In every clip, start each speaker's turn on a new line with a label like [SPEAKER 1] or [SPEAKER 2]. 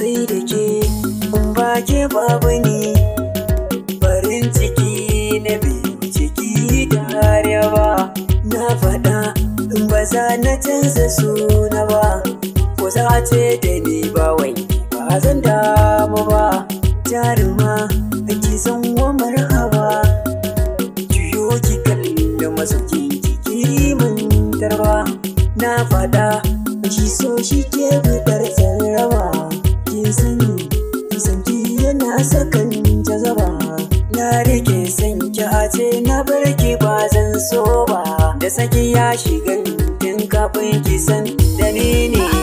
[SPEAKER 1] sai da ke ba ke babu ni farin ciki na biyu ciki da yaba na faɗa ba za na canza suna ba ko za ce da ni ba wai ba zan damu ba jaruma ake san wa marhaba juyo ki da masaukin ki mantar ba na faɗa shi so shi ke fitar tsarrawa ki sani sanki yana sakan na rike sanki a ce na barki ba zan so ba da saki ya shiga kafin kisan san
[SPEAKER 2] ne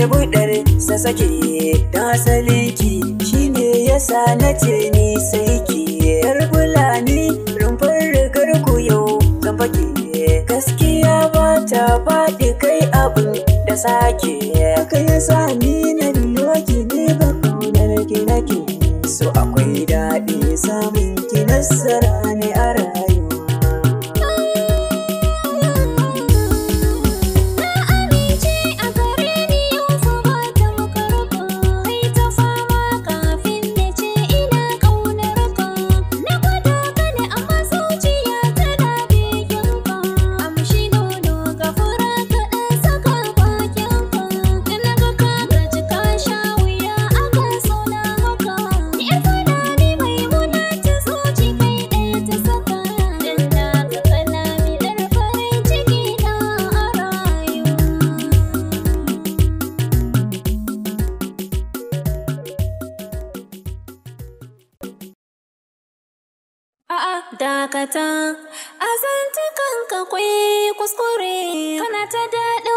[SPEAKER 1] ke buɗar sa sake da asali ki shine yasa na ce ni sai ki yar fulani rumfar rigar ku yau kan fake gaskiya ba ta faɗi kai abu da sake kai yasa ni na biyo ne ba kaunar ki nake so akwai daɗi samun ki nasara
[SPEAKER 3] dakata, a zantukan kwai kuskure, kana ta daɗa